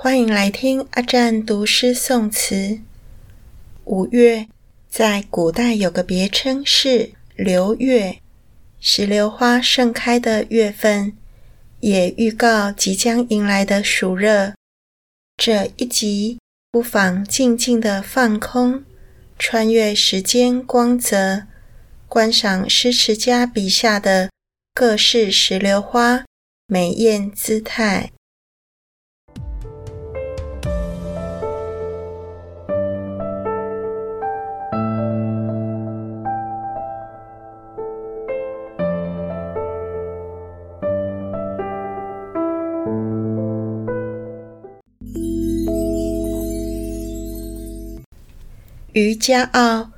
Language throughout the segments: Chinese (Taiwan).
歡迎來聽阿占讀詩宋詞。五月在古代有個別稱是榴月，石榴花盛開的月份，也預告即將迎來的暑熱。這一集不妨靜靜地放空，穿越時間光澤，觀賞詩詞家筆下的各式石榴花美艷姿態。《漁家傲·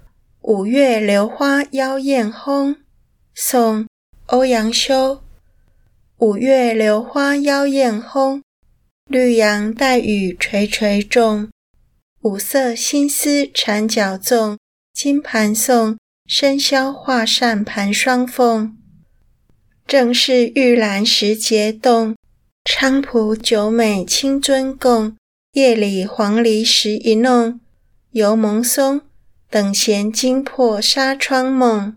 五月榴花妖艷烘》宋·歐陽修。五月榴花妖艷烘，綠楊帶雨垂垂重。五色新絲纏角粽，金盤送，生綃畫扇盤雙鳳。正是浴蘭時節動，菖蒲酒美清尊共。葉裡黃鸝時一弄。猶瞢忪，等閒驚破紗窗夢。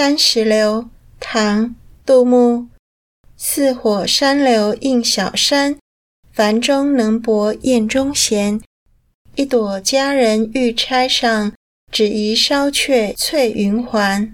山石榴，唐·杜牧。似火山榴映小山，繁中能薄艷中閒。一朵佳人玉釵上，只疑燒卻翠雲鬟。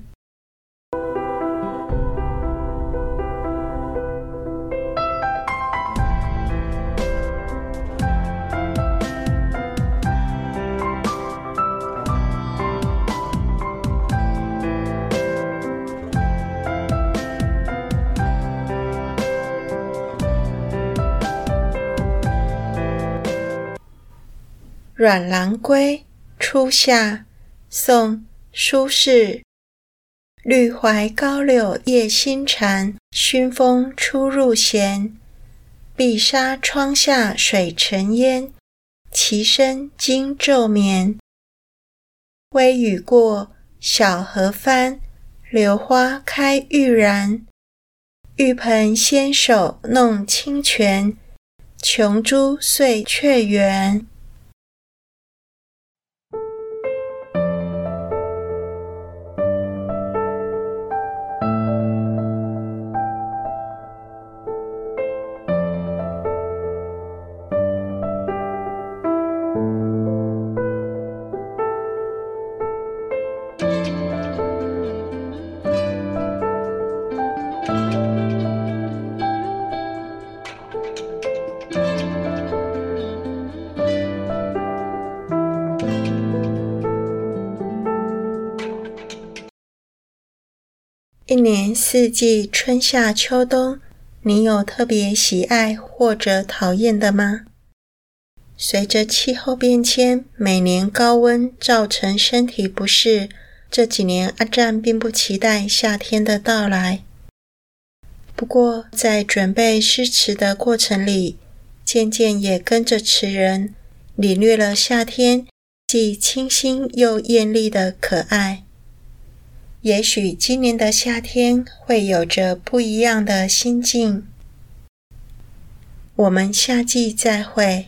《阮郎歸·初夏》宋·蘇軾，綠槐高柳咽新蟬，薰風初入弦。碧紗窗下水沉煙，棋聲驚晝眠。微雨過，小荷翻，榴花開欲然。玉盆纖手弄清泉，瓊珠碎卻圓。一年四季，春夏秋冬，你有特別喜愛或者討厭的嗎？隨着氣候變遷，每年高溫造成身體不適，這幾年阿占並不期待夏天的到來。不過，在準備詩詞的過程裡，漸漸也跟着詞人領略了夏天既清新又艷麗的可愛。也許今年的夏天會有着不一樣的心境。我們下季再會。